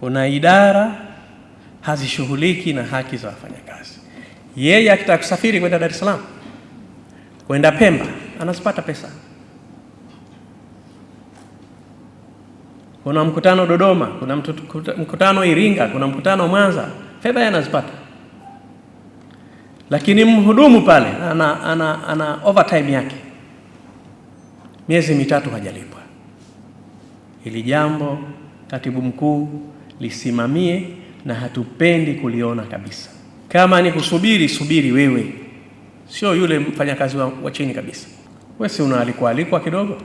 kuna idara hazishughuliki na haki za wafanyakazi. Yeye akitaka kusafiri kwenda Dar es Salaam, kwenda Pemba, anazipata pesa. Kuna mkutano Dodoma, kuna mkutano Iringa, kuna mkutano Mwanza, fedha anazipata, lakini mhudumu pale ana, ana, ana overtime yake, miezi mitatu hajalipwa. Hili jambo katibu mkuu lisimamie, na hatupendi kuliona kabisa. Kama ni kusubiri, subiri wewe, sio yule mfanyakazi wa, wa chini kabisa. Wewe si unaalikwa alikwa kidogo,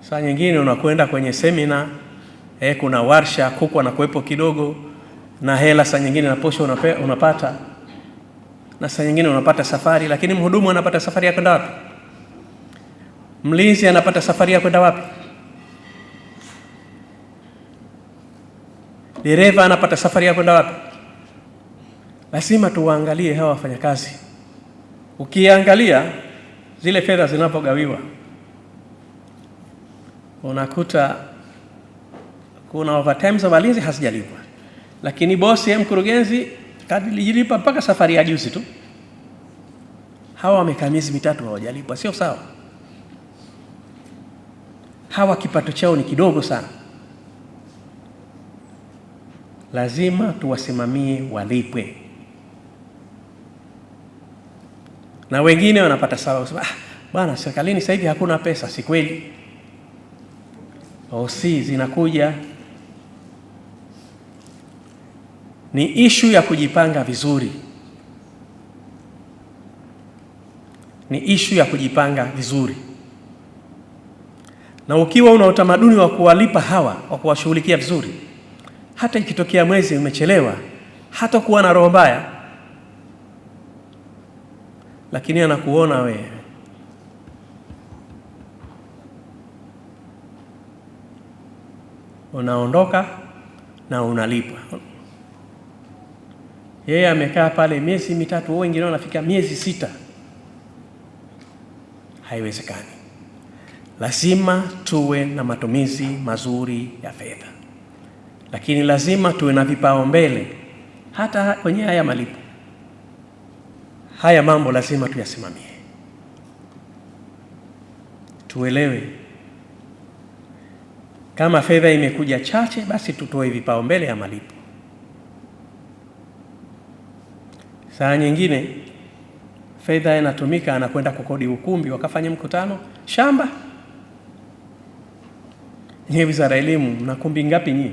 saa nyingine unakwenda kwenye semina eh, kuna warsha kuku anakuwepo kidogo, na hela saa nyingine na posho unape, unapata na saa nyingine unapata safari, lakini mhudumu anapata safari ya kwenda wapi? Mlinzi anapata safari ya kwenda wapi? dereva anapata safari ya kwenda wapi? Lazima tuwaangalie hawa wafanyakazi. Ukiangalia zile fedha zinapogawiwa, unakuta kuna overtime za walinzi hazijalipwa, lakini bosi ya eh, mkurugenzi kalijilipa mpaka safari ya juzi tu. Hawa wamekaa miezi mitatu hawajalipwa, sio sawa. Hawa kipato chao ni kidogo sana lazima tuwasimamie walipwe. Na wengine wanapata sababu ah, bwana serikalini sasa hivi hakuna pesa. Si kweli, osi zinakuja. Ni ishu ya kujipanga vizuri, ni ishu ya kujipanga vizuri na ukiwa una utamaduni wa kuwalipa hawa wa kuwashughulikia vizuri hata ikitokea mwezi umechelewa, hata kuwa na roho mbaya, lakini anakuona wewe. Unaondoka na unalipwa. Yeye amekaa pale miezi mitatu, wengine wanafika miezi sita. Haiwezekani. Lazima tuwe na matumizi mazuri ya fedha lakini lazima tuwe na vipao mbele hata kwenye haya malipo. Haya mambo lazima tuyasimamie, tuelewe kama fedha imekuja chache, basi tutoe vipao mbele ya malipo. Saa nyingine fedha inatumika, anakwenda kukodi ukumbi, wakafanya mkutano shamba. Nyie wizara ya elimu mna kumbi ngapi nyinyi?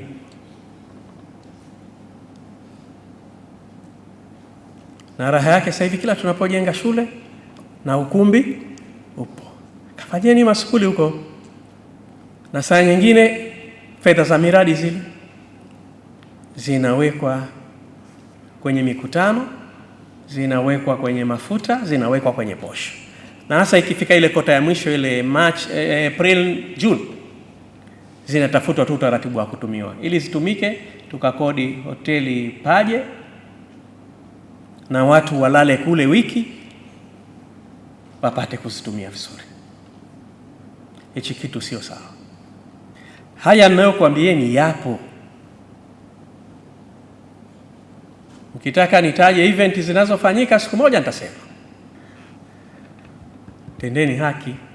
na raha yake. Sasa hivi kila tunapojenga shule na ukumbi upo, kafanyeni maskuli huko, na saa nyingine fedha za miradi zile zinawekwa kwenye mikutano, zinawekwa kwenye mafuta, zinawekwa kwenye posho, na hasa ikifika ile kota ya mwisho ile March, eh, eh April, June zinatafutwa tu utaratibu wa kutumiwa ili zitumike tukakodi hoteli paje na watu walale kule wiki wapate kuzitumia vizuri. Hichi kitu sio sawa. Haya ninayokuambieni yapo. Ukitaka nitaje event zinazofanyika siku moja nitasema. Tendeni haki.